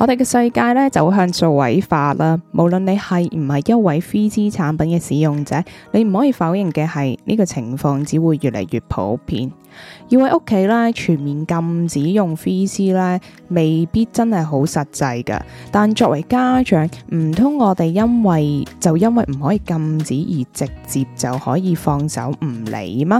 我哋嘅世界呢走向數位化啦，無論你係唔係一位 3C 產品嘅使用者，你唔可以否認嘅係呢個情況只會越嚟越普遍。要喺屋企咧全面禁止用 3C 咧，未必真係好實際噶。但作為家長，唔通我哋因為就因為唔可以禁止而直接就可以放手唔理咩？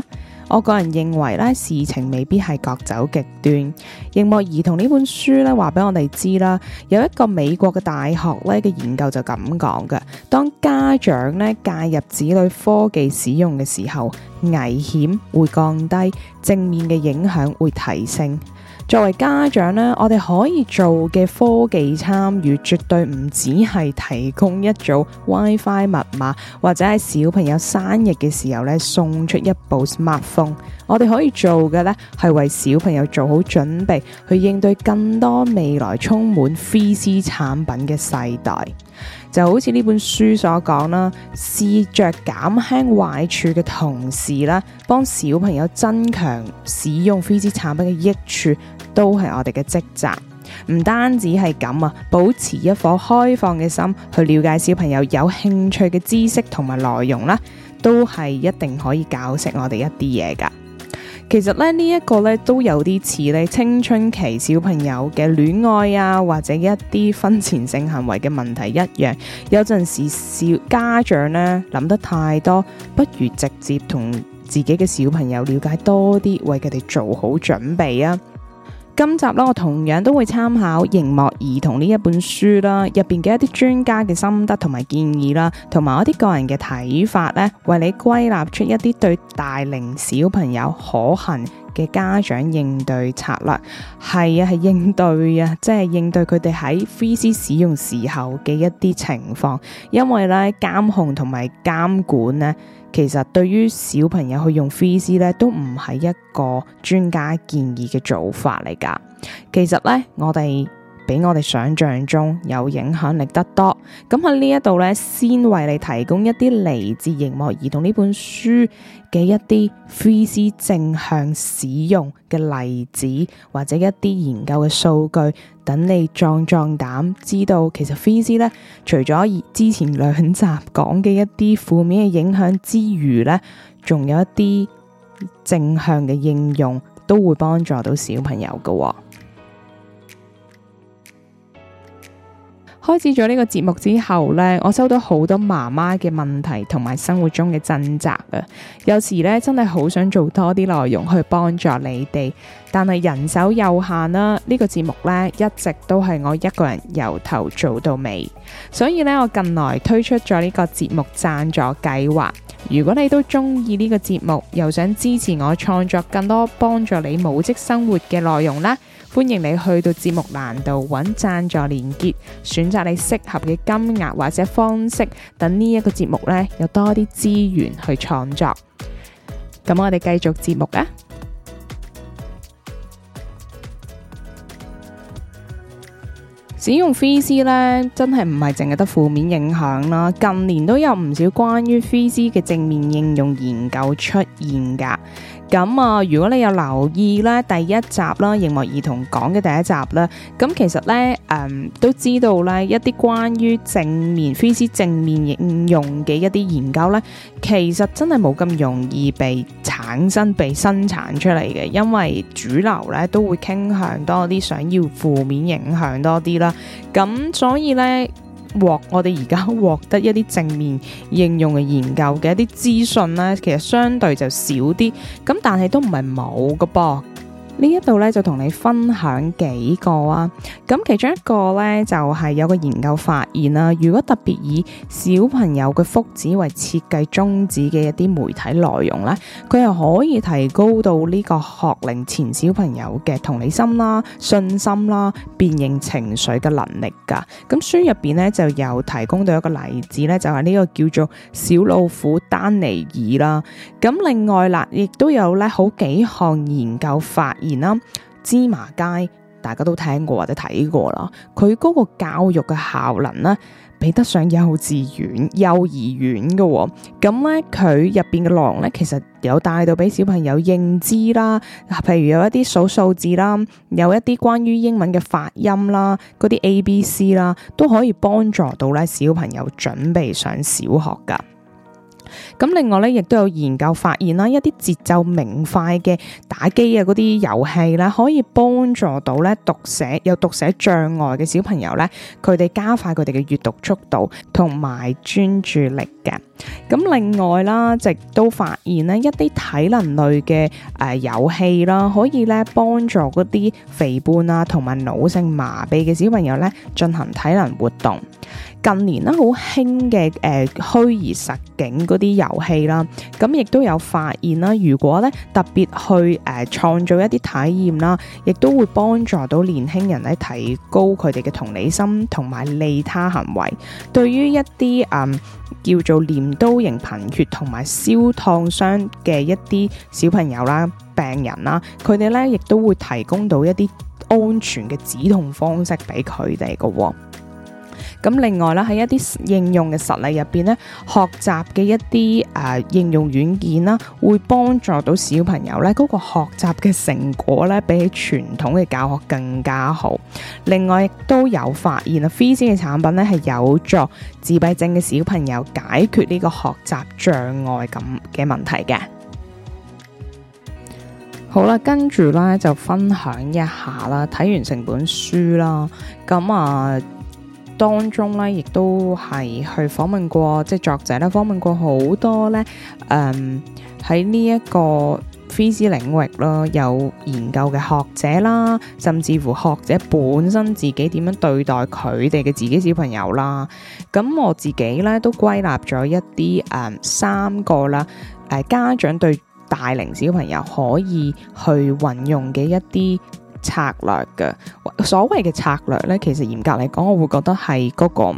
我個人認為咧，事情未必係各走極端。《螢幕兒童》呢本書咧，話俾我哋知啦，有一個美國嘅大學咧嘅研究就咁講嘅。當家長咧介入子女科技使用嘅時候，危險會降低，正面嘅影響會提升。作為家長咧，我哋可以做嘅科技參與，絕對唔只係提供一組 WiFi 密碼，或者喺小朋友生日嘅時候咧送出一部 smartphone。我哋可以做嘅咧，係為小朋友做好準備，去應對更多未來充滿 3C 產品嘅世代。就好似呢本書所講啦，試着減輕壞處嘅同時啦，幫小朋友增強使用 3C 產品嘅益處，都係我哋嘅職責。唔單止係咁啊，保持一顆開放嘅心去了解小朋友有興趣嘅知識同埋內容啦，都係一定可以教識我哋一啲嘢㗎。其實呢呢一，這個呢都有啲似青春期小朋友嘅戀愛啊，或者一啲婚前性行為嘅問題一樣。有陣時小家長呢諗得太多，不如直接同自己嘅小朋友了解多啲，為佢哋做好準備啊！今集我同樣都會參考《螢幕兒童》呢本書啦，入邊嘅一啲專家嘅心得同埋建議啦，同埋一啲個人嘅睇法咧，為你歸納出一啲對大齡小朋友可行嘅家長應對策略係啊，係應對啊，即係應對佢哋喺 3C 使用時候嘅一啲情況，因為呢監控同埋監管呢，其實對於小朋友去用 3C 呢，都唔係一個專家建議嘅做法嚟噶。其實呢，我哋比我哋想象中有影響力得多。咁喺呢一度呢，先為你提供一啲嚟自《螢幕兒童》呢本書嘅一啲 3C 正向使用嘅例子，或者一啲研究嘅數據，等你壯壯膽，知道其實 3C 咧，除咗之前兩集講嘅一啲負面嘅影響之餘呢，仲有一啲正向嘅應用，都會幫助到小朋友嘅哦。開始咗呢個節目之後呢，我收到好多媽媽嘅問題同埋生活中嘅掙扎啊！有時呢，真係好想做多啲內容去幫助你哋，但係人手有限啦。呢個節目呢，一直都係我一個人由頭做到尾，所以呢，我近來推出咗呢個節目贊助計劃。如果你都中意呢個節目，又想支持我創作更多幫助你母職生活嘅內容啦。歡迎你去到節目欄度揾贊助連結，選擇你適合嘅金額或者方式，等呢一個節目呢，有多啲資源去創作。咁我哋繼續節目啊！使用 3C 呢，真係唔係淨係得負面影響啦，近年都有唔少關於 3C 嘅正面應用研究出現噶。咁啊、嗯，如果你有留意咧，第一集啦，熒幕兒童講嘅第一集咧，咁、嗯、其實咧，誒、嗯，都知道咧，一啲關於正面非正面應用嘅一啲研究咧，其實真係冇咁容易被產生、被生產出嚟嘅，因為主流咧都會傾向多啲想要負面影響多啲啦，咁、嗯、所以咧。獲我哋而家獲得一啲正面應用嘅研究嘅一啲資訊呢，其實相對就少啲，咁但係都唔係冇㗎噃。呢一度咧就同你分享幾個啊，咁其中一個呢，就係有個研究發現啦，如果特別以小朋友嘅福祉為設計宗旨嘅一啲媒體內容呢，佢係可以提高到呢個學齡前小朋友嘅同理心啦、信心啦、辨認情緒嘅能力噶。咁書入邊呢，就有提供到一個例子呢，就係呢個叫做小老虎丹尼爾啦。咁另外啦，亦都有咧好幾項研究發現。然啦，芝麻街大家都聽過或者睇過啦，佢嗰個教育嘅效能呢，比得上幼稚園、幼兒園噶喎。咁呢，佢入邊嘅內容呢，其實有帶到俾小朋友認知啦，譬如有一啲數數字啦，有一啲關於英文嘅發音啦，嗰啲 A B C 啦，都可以幫助到呢小朋友準備上小學噶。咁另外咧，亦都有研究發現啦，一啲節奏明快嘅打機呀嗰啲遊戲啦，可以幫助到咧，讀寫有讀寫障礙嘅小朋友咧，佢哋加快佢哋嘅閱讀速度同埋專注力嘅。咁另外啦，亦都發現呢一啲體能類嘅誒、呃、遊戲啦，可以咧幫助嗰啲肥胖啊同埋腦性麻痹嘅小朋友咧，進行體能活動。近年啦，好興嘅誒虛擬實境嗰啲遊戲啦，咁、啊、亦都有發現啦。如果咧特別去誒、呃、創造一啲體驗啦，亦、啊、都會幫助到年輕人咧提高佢哋嘅同理心同埋利他行為。對於一啲嗯叫做鎌刀型貧血同埋燒燙傷嘅一啲小朋友啦、病人啦，佢哋咧亦都會提供到一啲安全嘅止痛方式俾佢哋嘅喎。啊咁另外咧，喺一啲應用嘅實例入邊咧，學習嘅一啲誒、呃、應用軟件啦、啊，會幫助到小朋友咧嗰、那個學習嘅成果咧，比起傳統嘅教學更加好。另外亦都有發現啊 f 嘅產品咧係有助自閉症嘅小朋友解決呢個學習障礙咁嘅問題嘅。好啦，跟住咧就分享一下啦，睇完成本書啦，咁啊。當中咧，亦都係去訪問過即係作者咧，訪問過好多咧，誒喺呢一個非資領域啦，有研究嘅學者啦，甚至乎學者本身自己點樣對待佢哋嘅自己小朋友啦。咁我自己咧都歸納咗一啲誒、嗯、三個啦，誒、呃、家長對大齡小朋友可以去運用嘅一啲。策略嘅所謂嘅策略咧，其實嚴格嚟講，我會覺得係嗰、那個、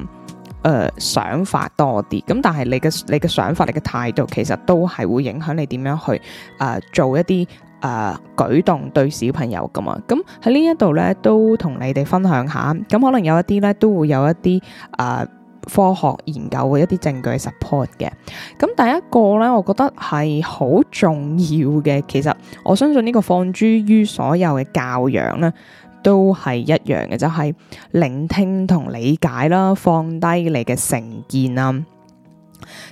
呃、想法多啲。咁但係你嘅你嘅想法，你嘅態度，其實都係會影響你點樣去誒、呃、做一啲誒、呃、舉動對小朋友㗎嘛。咁喺呢一度咧，都同你哋分享下。咁可能有一啲咧，都會有一啲誒。呃科學研究嘅一啲證據 support 嘅，咁第一個咧，我覺得係好重要嘅。其實我相信呢個放諸於所有嘅教養咧，都係一樣嘅，就係、是、聆聽同理解啦，放低你嘅成見啊。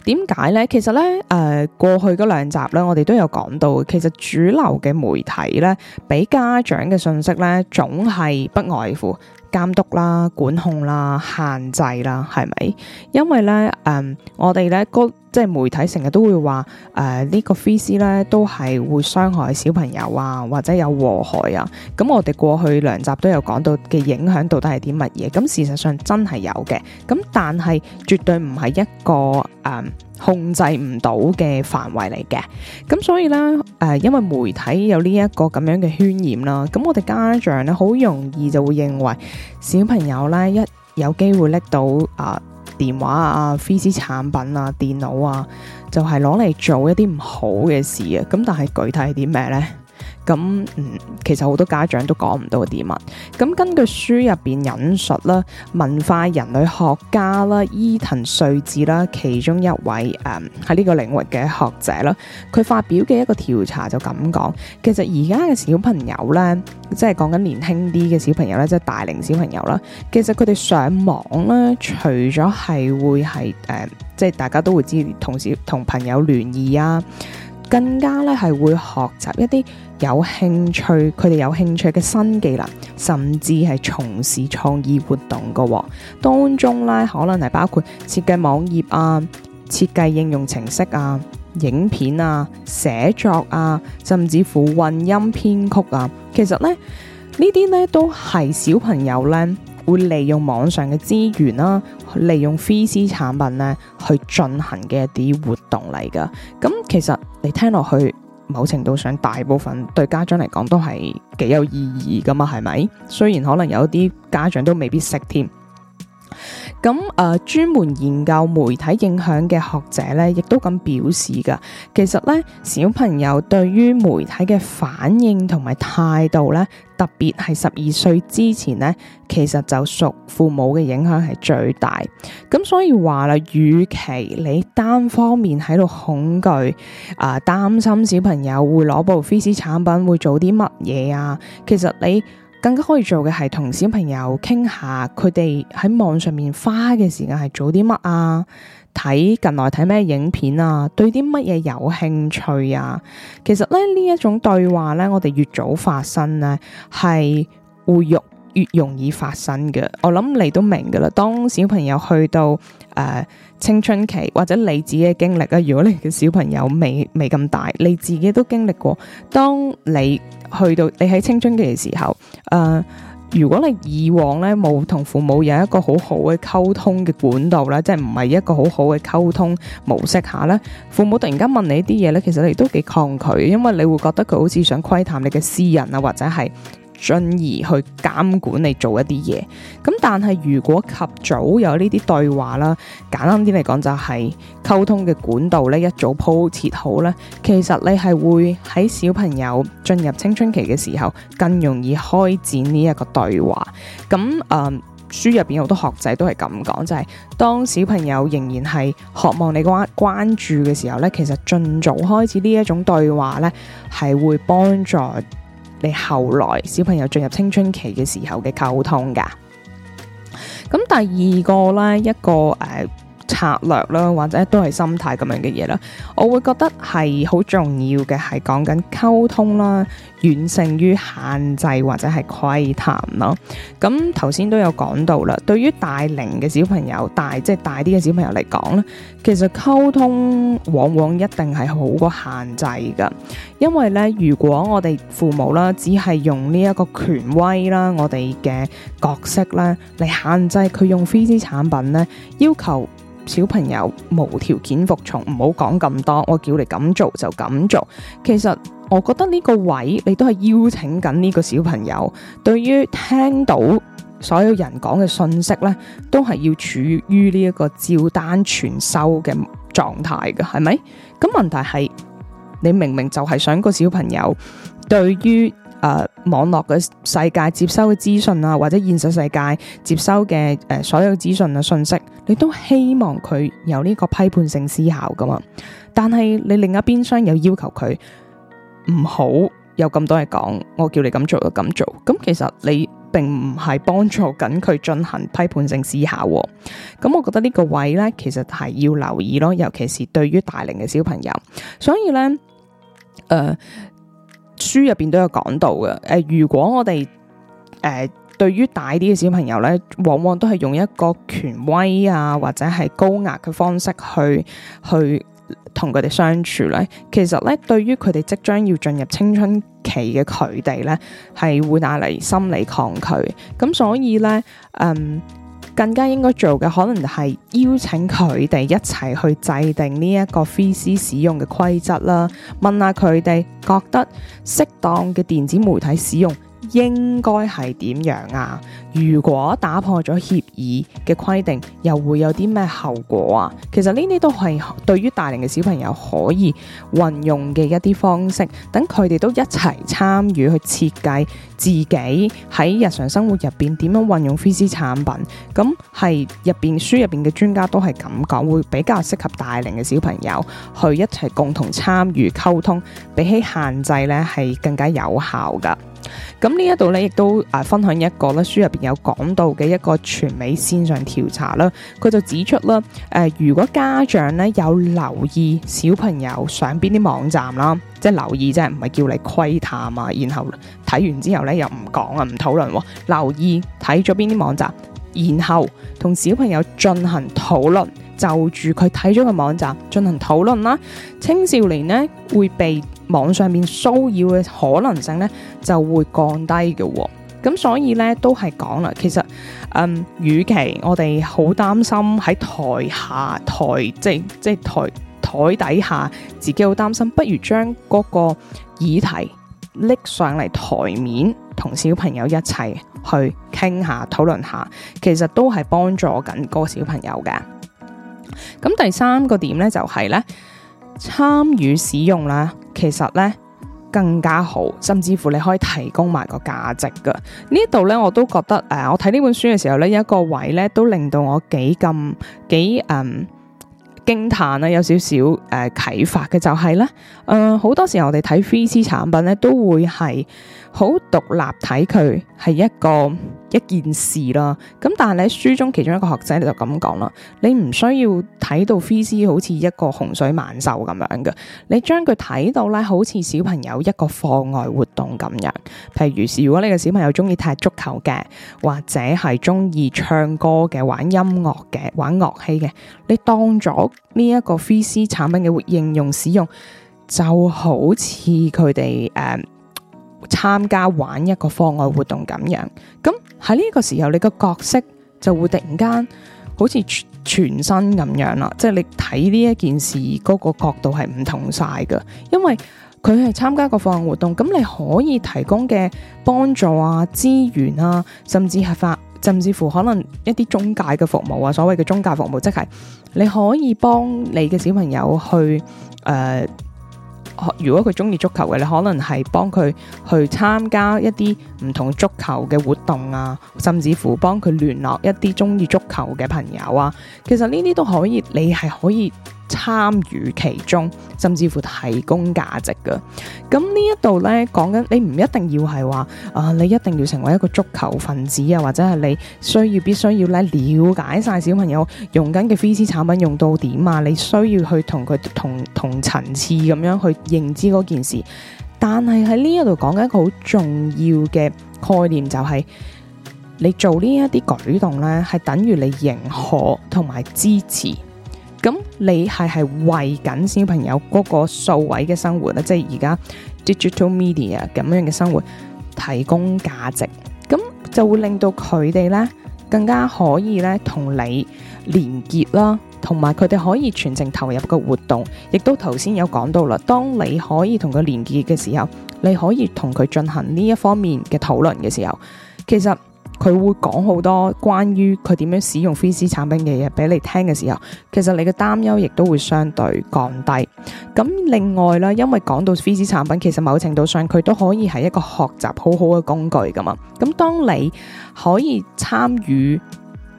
點解咧？其實咧，誒、呃，過去嗰兩集咧，我哋都有講到，其實主流嘅媒體咧，俾家長嘅信息咧，總係不外乎。監督啦、管控啦、限制啦，係咪？因為呢，誒、嗯，我哋呢嗰、那個、即係媒體成日都會話，誒、呃這個、呢個 3C 咧都係會傷害小朋友啊，或者有禍害啊。咁我哋過去兩集都有講到嘅影響到底係啲乜嘢？咁事實上真係有嘅。咁但係絕對唔係一個誒。嗯控制唔到嘅範圍嚟嘅，咁所以呢，誒、呃，因為媒體有呢一個咁樣嘅渲染啦，咁我哋家長呢，好容易就會認為小朋友呢，一有機會拎到啊、呃、電話啊、3C 產品啊、電腦啊，就係攞嚟做一啲唔好嘅事啊，咁但係具體係啲咩呢？咁嗯，其實好多家長都講唔到啲乜。咁根據書入邊引述啦，文化人類學家啦，伊藤瑞子啦，其中一位誒喺呢個領域嘅學者啦，佢發表嘅一個調查就咁講，其實而家嘅小朋友咧，即係講緊年輕啲嘅小朋友咧，即係大齡小朋友啦。其實佢哋上網咧，除咗係會係誒、呃、即係大家都會知，同時同朋友聯誼啊，更加咧係會學習一啲。有興趣，佢哋有興趣嘅新技能，甚至係從事創意活動㗎喎、哦。當中咧，可能係包括設計網頁啊、設計應用程式啊、影片啊、寫作啊，甚至乎混音編曲啊。其實咧，呢啲咧都係小朋友咧會利用網上嘅資源啦、啊，利用 3C 產品咧去進行嘅一啲活動嚟㗎。咁、嗯、其實你聽落去。某程度上，大部分對家長嚟講都係幾有意義㗎嘛，係咪？雖然可能有一啲家長都未必識添。咁，誒、呃，專門研究媒體影響嘅學者咧，亦都咁表示㗎。其實咧，小朋友對於媒體嘅反應同埋態度咧，特別係十二歲之前咧，其實就屬父母嘅影響係最大。咁所以話啦，與其你單方面喺度恐懼、啊、呃、擔心小朋友會攞部 3C 產品會做啲乜嘢啊，其實你，更加可以做嘅係同小朋友傾下，佢哋喺網上面花嘅時間係做啲乜啊？睇近來睇咩影片啊？對啲乜嘢有興趣啊？其實咧呢一種對話咧，我哋越早發生咧，係會育。越容易發生嘅，我諗你都明㗎啦。當小朋友去到誒、呃、青春期，或者你自己嘅經歷啊，如果你嘅小朋友未未咁大，你自己都經歷過，當你去到你喺青春期嘅時候，誒、呃，如果你以往呢冇同父母有一個好好嘅溝通嘅管道啦，即係唔係一個好好嘅溝通模式下呢，父母突然間問你一啲嘢呢，其實你都幾抗拒，因為你會覺得佢好似想窺探你嘅私人啊，或者係，進而去監管你做一啲嘢，咁但係如果及早有呢啲對話啦，簡單啲嚟講就係溝通嘅管道呢，一早鋪設好啦，其實你係會喺小朋友進入青春期嘅時候，更容易開展呢一個對話。咁誒、嗯、書入邊好多學者都係咁講，就係、是、當小朋友仍然係渴望你關關注嘅時候呢，其實盡早開始呢一種對話呢，係會幫助。你後來小朋友進入青春期嘅時候嘅溝通㗎，咁第二個呢，一個誒，呃策略啦，或者都係心態咁樣嘅嘢啦，我會覺得係好重要嘅，係講緊溝通啦，遠勝於限制或者係窺探咯。咁頭先都有講到啦，對於大齡嘅小朋友，大即係大啲嘅小朋友嚟講咧，其實溝通往往一定係好過限制噶，因為咧，如果我哋父母啦，只係用呢一個權威啦，我哋嘅角色啦嚟限制佢用 3C 產品咧，要求。小朋友無條件服從，唔好講咁多，我叫你咁做就咁做。其實我覺得呢個位你都係邀請緊呢個小朋友，對於聽到所有人講嘅信息，呢都係要處於呢一個照單全收嘅狀態嘅，係咪？咁問題係你明明就係想個小朋友對於。誒、呃，網絡嘅世界接收嘅資訊啊，或者現實世界接收嘅誒、呃、所有資訊啊信息，你都希望佢有呢個批判性思考噶嘛？但係你另一邊廂有要求佢唔好有咁多嘢講，我叫你咁做就咁做，咁其實你並唔係幫助緊佢進行批判性思考。咁我覺得呢個位呢，其實係要留意咯，尤其是對於大齡嘅小朋友。所以呢。誒、呃。書入邊都有講到嘅，誒、呃，如果我哋誒、呃、對於大啲嘅小朋友咧，往往都係用一個權威啊，或者係高壓嘅方式去去同佢哋相處咧，其實咧對於佢哋即將要進入青春期嘅佢哋咧，係會帶嚟心理抗拒，咁所以咧，嗯。更加應該做嘅，可能係邀請佢哋一齊去制定呢一個 3C 使用嘅規則啦。問下佢哋覺得適當嘅電子媒體使用應該係點樣啊？如果打破咗協議嘅規定，又會有啲咩後果啊？其實呢啲都係對於大齡嘅小朋友可以運用嘅一啲方式，等佢哋都一齊參與去設計自己喺日常生活入邊點樣運用 3C 產品。咁係入邊書入邊嘅專家都係咁講會比較適合大齡嘅小朋友去一齊共同參與溝通，比起限制咧係更加有效噶。咁呢一度咧亦都啊、呃、分享一個咧書入邊。有講到嘅一個全美線上調查啦，佢就指出啦，誒、呃，如果家長咧有留意小朋友上邊啲網站啦，即係留意，即係唔係叫你窺探啊，然後睇完之後咧又唔講啊，唔討論喎，留意睇咗邊啲網站，然後同小朋友進行討論，就住佢睇咗個網站進行討論啦，青少年呢，會被網上面騷擾嘅可能性呢，就會降低嘅、哦。咁所以咧，都係講啦。其實，嗯，與其我哋好擔心喺台下台，即係即係台台底下自己好擔心，不如將嗰個議題拎上嚟台面，同小朋友一齊去傾下討論下。其實都係幫助緊個小朋友嘅。咁、嗯、第三個點咧，就係咧參與使用啦。其實咧。更加好，甚至乎你可以提供埋個價值噶。呢度咧，我都覺得誒、呃，我睇呢本書嘅時候咧，有一個位咧，都令到我幾咁幾誒驚嘆啊！有少少誒啟發嘅就係、是、咧，誒、呃、好多時候我哋睇 3C 產品咧，都會係好獨立睇佢係一個。一件事啦，咁但係喺書中其中一個學者就咁講啦，你唔需要睇到 3C 好似一個洪水猛獸咁樣嘅，你將佢睇到咧好似小朋友一個課外活動咁樣，譬如是如果你嘅小朋友中意踢足球嘅，或者係中意唱歌嘅、玩音樂嘅、玩樂器嘅，你當咗呢一個 3C 產品嘅應用使用，就好似佢哋誒。Uh, 參加玩一個課外活動咁樣，咁喺呢個時候你個角色就會突然間好似全身咁樣啦，即係你睇呢一件事嗰個角度係唔同晒㗎，因為佢係參加個課外活動，咁你可以提供嘅幫助啊、資源啊，甚至係發，甚至乎可能一啲中介嘅服務啊，所謂嘅中介服務，即係你可以幫你嘅小朋友去誒。呃如果佢中意足球嘅，你可能係幫佢去參加一啲唔同足球嘅活動啊，甚至乎幫佢聯絡一啲中意足球嘅朋友啊。其實呢啲都可以，你係可以。參與其中，甚至乎提供價值嘅。咁呢一度呢，講緊你唔一定要係話啊，你一定要成為一個足球分子啊，或者係你需要必須要咧了解晒小朋友用緊嘅 3C 產品用到點啊。你需要去同佢同同層次咁樣去認知嗰件事。但係喺呢一度講緊一個好重要嘅概念，就係，就係你做呢一啲舉動呢，係等於你認可同埋支持。咁、嗯、你係係為緊小朋友嗰個數位嘅生活咧，即係而家 digital media 咁樣嘅生活提供價值，咁、嗯、就會令到佢哋咧更加可以咧同你連結啦，同埋佢哋可以全程投入個活動，亦都頭先有講到啦。當你可以同佢連結嘅時候，你可以同佢進行呢一方面嘅討論嘅時候，其實。佢會講好多關於佢點樣使用 3C 產品嘅嘢俾你聽嘅時候，其實你嘅擔憂亦都會相對降低。咁另外啦，因為講到 3C 產品，其實某程度上佢都可以係一個學習好好嘅工具噶嘛。咁當你可以參與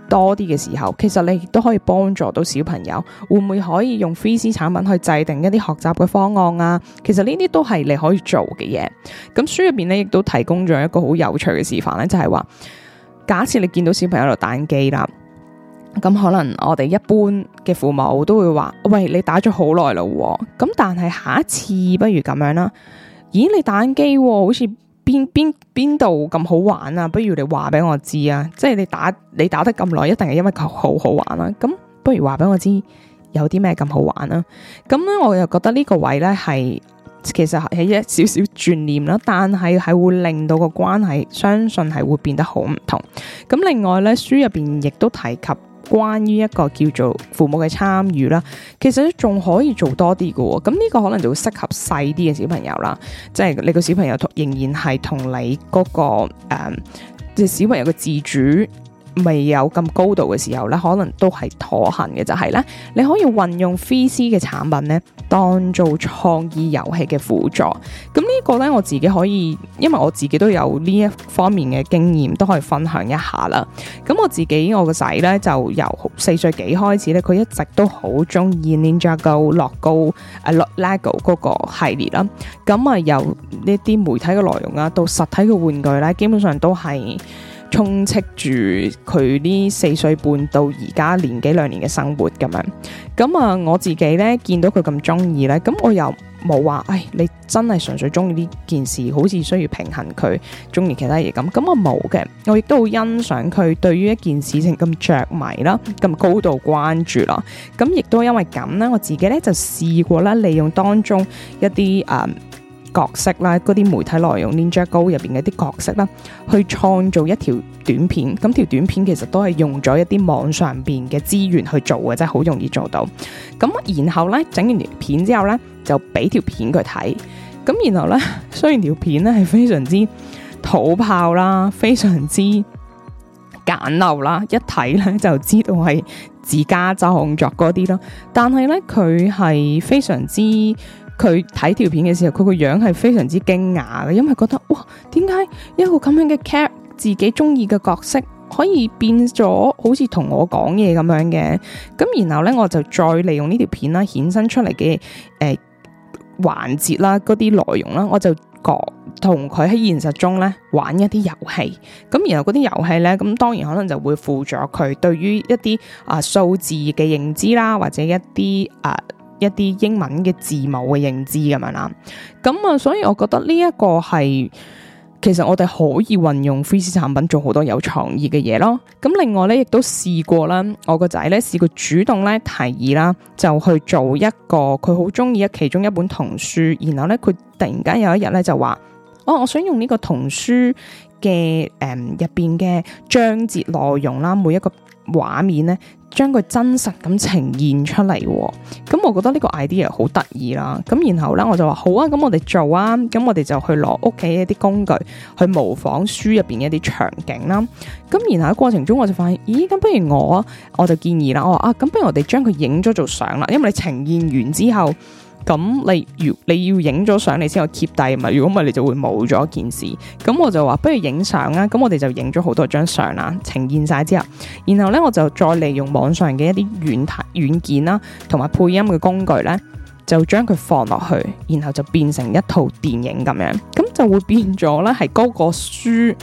多啲嘅時候，其實你亦都可以幫助到小朋友。會唔會可以用 3C 產品去制定一啲學習嘅方案啊？其實呢啲都係你可以做嘅嘢。咁書入邊咧亦都提供咗一個好有趣嘅示範咧，就係話。假設你見到小朋友喺度打機啦，咁可能我哋一般嘅父母都會話：喂，你打咗好耐咯，咁但係下一次不如咁樣啦。咦，你打機好似邊邊邊度咁好玩啊？不如你話俾我知啊，即係你打你打得咁耐，一定係因為佢好好玩啊。咁不如話俾我知有啲咩咁好玩啊？咁咧，我又覺得呢個位咧係其實係一少少轉念啦，但係係會令到個關係，相信係會變得好唔同。咁另外咧，書入邊亦都提及關於一個叫做父母嘅參與啦，其實仲可以做多啲嘅。咁呢個可能就會適合細啲嘅小朋友啦，即係你個小朋友仍然係同你嗰個誒，即係小朋友嘅自主未有咁高度嘅時候咧，可能都係妥行嘅，就係、是、咧，你可以運用 3C 嘅產品咧，當做創意遊戲嘅輔助。咁呢個咧，我自己可以，因為我自己都有呢一方面嘅經驗，都可以分享一下啦。咁我自己我個仔咧，就由四歲幾開始咧，佢一直都好鍾意 Ninjago 樂高啊、uh，Lego 嗰個系列啦。咁啊，由呢啲媒體嘅內容啊，到實體嘅玩具咧，基本上都係。充斥住佢呢四歲半到而家年幾兩年嘅生活咁樣，咁啊我自己呢，見到佢咁中意呢，咁我又冇話，唉、哎，你真係純粹中意呢件事，好似需要平衡佢中意其他嘢咁，咁我冇嘅，我亦都好欣賞佢對於一件事情咁着迷啦，咁高度關注啦，咁亦都因為咁呢，我自己呢，就試過啦，利用當中一啲啊。嗯 Ja、角色啦，嗰啲媒體內容，Ninja Go 入邊嘅啲角色啦，去創造一條短片。咁條短片其實都係用咗一啲網上邊嘅資源去做嘅，真係好容易做到。咁然後呢，整完條片之後呢，就俾條片佢睇。咁然後呢，雖然條片呢係非常之土炮啦，非常之簡陋啦，一睇呢就知道係自家製作嗰啲咯。但係呢，佢係非常之。佢睇條片嘅時候，佢個樣係非常之驚訝嘅，因為覺得哇，點解一個咁樣嘅 cap，自己中意嘅角色可以變咗好似同我講嘢咁樣嘅？咁然後呢，我就再利用呢條片啦，衍生出嚟嘅誒環節啦，嗰啲內容啦，我就講同佢喺現實中呢玩一啲遊戲。咁然後嗰啲遊戲呢，咁當然可能就會輔助佢對於一啲啊、呃、數字嘅認知啦，或者一啲啊。呃一啲英文嘅字母嘅認知咁樣啦，咁啊，所以我覺得呢一個係其實我哋可以運用 Freeze 產品做好多有創意嘅嘢咯。咁另外咧，亦都試過啦，我個仔咧試過主動咧提議啦，就去做一個佢好鍾意嘅其中一本童書，然後咧佢突然間有一日咧就話，我、哦、我想用呢個童書嘅誒入邊嘅章節內容啦，每一個畫面咧。將佢真實咁呈現出嚟，哦，咁我覺得呢個 idea 好得意啦。咁然後呢，我就話好啊，咁我哋做啊，咁我哋就去攞屋企一啲工具去模仿書入邊嘅一啲場景啦。咁然後喺過程中我就發現，咦，咁不如我我就建議啦，我話啊，咁不如我哋將佢影咗做相啦，因為你呈現完之後。咁，例如你，你要影咗相，你先有 keep 底嘛？如果唔係，你就會冇咗件事。咁我就話不如影相啦。咁我哋就影咗好多張相啦，呈現晒之後，然後咧，我就再利用網上嘅一啲軟軟件啦，同埋配音嘅工具咧，就將佢放落去，然後就變成一套電影咁樣，咁就會變咗咧係嗰個書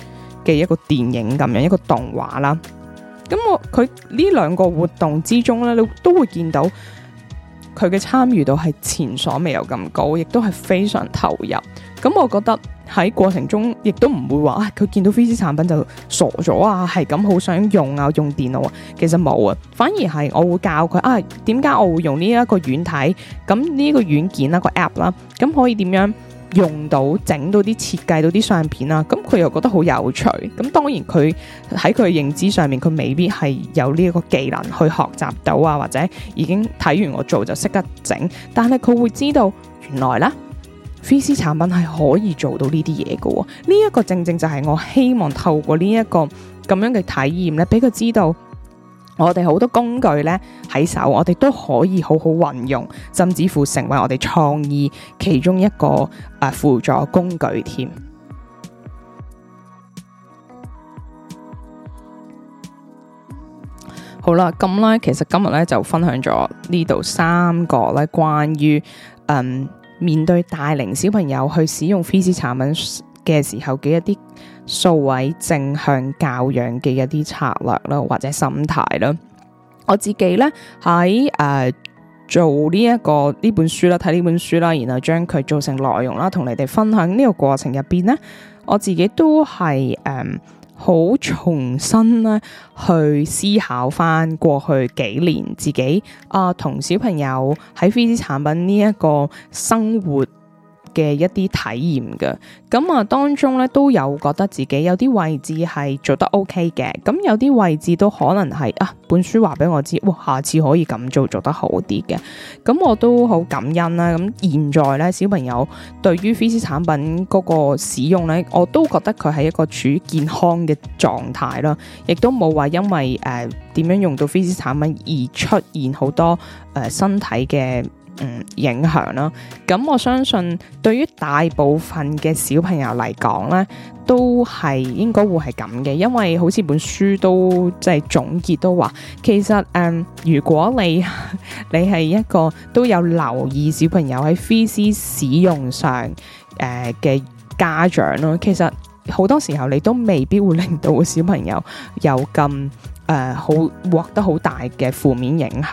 嘅一個電影咁樣，一個動畫啦。咁我佢呢兩個活動之中咧，你都會見到，佢嘅參與度係前所未有咁高，亦都係非常投入。咁我覺得喺過程中，亦都唔會話佢、哎、見到飛機產品就傻咗啊，係咁好想用啊，用電腦啊，其實冇啊，反而係我會教佢啊，點解我會用呢一個軟體，咁呢個軟件啦，個 app 啦，咁可以點樣？用到整到啲設計到啲相片啊，咁佢又覺得好有趣。咁當然佢喺佢認知上面，佢未必係有呢一個技能去學習到啊，或者已經睇完我做就識得整。但係佢會知道，原來啦，3C 產品係可以做到呢啲嘢嘅。呢、這、一個正正就係我希望透過、這個、呢一個咁樣嘅體驗咧，俾佢知道。我哋好多工具呢，喺手，我哋都可以好好運用，甚至乎成為我哋創意其中一個誒輔助工具添。 好啦，咁呢，其實今日呢，就分享咗呢度三個呢，關於嗯，面對大齡小朋友去使用 3C 產品嘅時候嘅一啲，數位正向教養嘅一啲策略啦，或者心態啦，我自己咧喺誒做呢一個呢本書啦，睇呢本書啦，然後將佢做成內容啦，同你哋分享呢個過程入邊咧，我自己都係誒好重新咧去思考翻過去幾年自己啊同、呃、小朋友喺 3C 產品呢一個生活。嘅一啲體驗嘅，咁啊當中咧都有覺得自己有啲位置係做得 OK 嘅，咁有啲位置都可能係啊本書話俾我知，哇，下次可以咁做做得好啲嘅，咁我都好感恩啦。咁現在咧小朋友對於 3C 產品嗰個使用咧，我都覺得佢係一個處於健康嘅狀態啦，亦都冇話因為誒、呃、點樣用到 3C 產品而出現好多誒、呃、身體嘅嗯，影響咯。咁我相信，對於大部分嘅小朋友嚟講呢都係應該會係咁嘅。因為好似本書都即係總結都話，其實誒、嗯，如果你 你係一個都有留意小朋友喺 3C 使用上誒嘅、呃、家長咯，其實好多時候你都未必會令到小朋友有咁，誒、呃，好獲得好大嘅負面影響。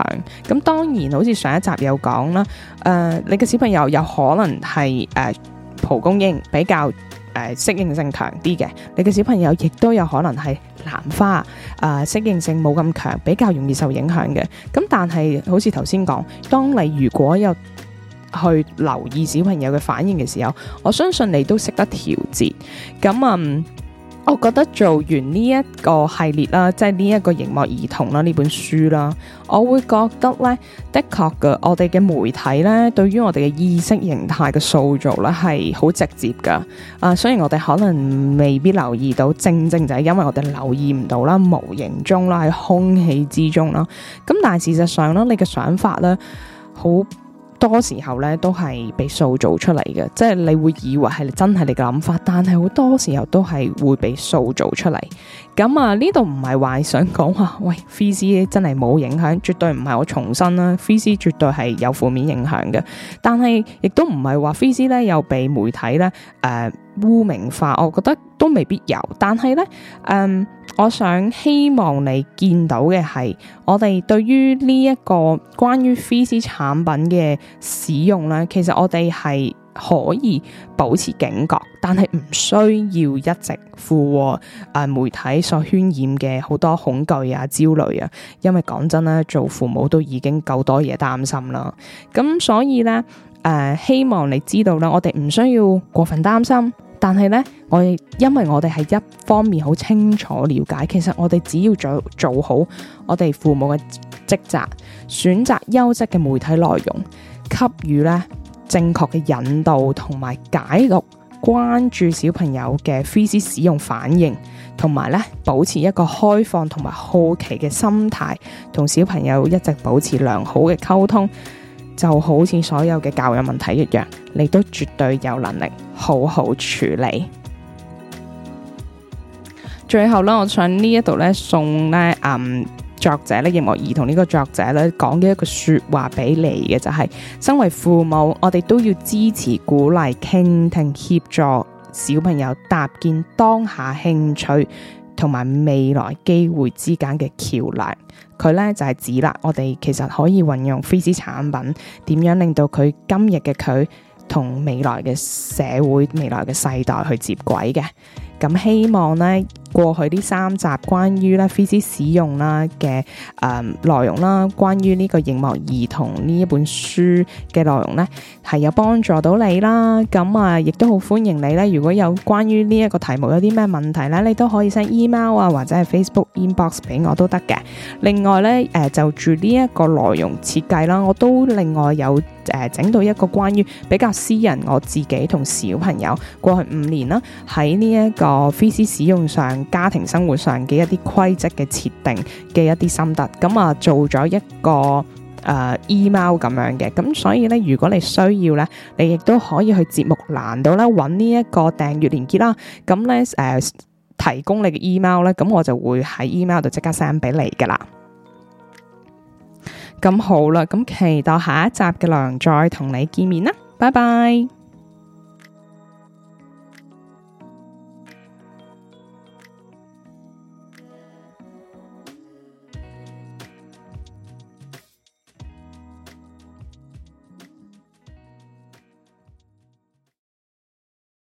咁、嗯、當然，好似上一集有講啦，誒、呃，你嘅小朋友有可能係誒、呃、蒲公英比較誒適、呃、應性強啲嘅，你嘅小朋友亦都有可能係蘭花，誒、呃、適應性冇咁強，比較容易受影響嘅。咁、嗯、但係好似頭先講，當你如果有去留意小朋友嘅反應嘅時候，我相信你都識得調節。咁、嗯、啊。嗯我覺得做完呢一個系列啦，即係呢一個熒幕兒童啦呢本書啦，我會覺得呢，的確嘅，我哋嘅媒體呢，對於我哋嘅意識形態嘅塑造呢，係好直接噶，啊、呃，所以我哋可能未必留意到，正正就係因為我哋留意唔到啦，無形中啦，喺空氣之中啦，咁但係事實上咧，你嘅想法呢，好多時候咧都係被塑造出嚟嘅，即係你會以為係真係你嘅諗法，但係好多時候都係會被塑造出嚟。咁啊呢度唔係話想講話，啊，喂 Freeze 真係冇影響，絕對唔係我重申啦 Freeze 絕對係有負面影響嘅。但係亦都唔係話 Freeze 咧又被媒體咧誒。呃污名化，我覺得都未必有。但係呢，嗯，我想希望你見到嘅係，我哋對於呢一個關於 3C 產品嘅使用呢，其實我哋係可以保持警覺，但係唔需要一直附和誒、呃、媒體所渲染嘅好多恐懼啊、焦慮啊。因為講真咧，做父母都已經夠多嘢擔心啦。咁所以呢。誒，uh, 希望你知道啦，我哋唔需要過分擔心，但係呢，我哋因為我哋係一方面好清楚了解，其實我哋只要做做好我哋父母嘅職責，選擇優質嘅媒體內容，給予呢正確嘅引導同埋解讀，關注小朋友嘅 3C 使用反應，同埋呢保持一個開放同埋好奇嘅心態，同小朋友一直保持良好嘅溝通。就好似所有嘅教育問題一樣，你都絕對有能力好好處理。最後呢，我想呢一度呢送呢，嗯，作者呢螢幕兒童呢個作者呢講嘅一個說話俾你嘅就係、是，身為父母，我哋都要支持鼓勵、傾聽、協助小朋友搭建當下興趣同埋未來機會之間嘅橋樑，佢咧就係指啦，我哋其實可以運用飛資產品，點樣令到佢今日嘅佢同未來嘅社會、未來嘅世代去接軌嘅。咁希望咧，過去呢三集關於咧 3C 使用啦嘅誒內容啦，關於呢個螢幕兒童呢一本書嘅內容咧，係有幫助到你啦。咁啊，亦都好歡迎你咧，如果有關於呢一個題目有啲咩問題咧，你都可以 send email 啊，或者係 Facebook inbox 俾我都得嘅。另外咧，誒、呃、就住呢一個內容設計啦，我都另外有誒整、呃、到一個關於比較私人我自己同小朋友過去五年啦喺呢一個。我 3C 使用上、家庭生活上嘅一啲規則嘅設定嘅一啲心得，咁啊做咗一個誒 email 咁樣嘅，咁所以咧，如果你需要咧，你亦都可以去節目欄度咧搵呢一個訂閱連結啦。咁咧誒提供你嘅 email 咧，咁我就會喺 email 度即刻 send 俾你噶啦。咁好啦，咁期待下一集嘅良再同你見面啦，拜拜。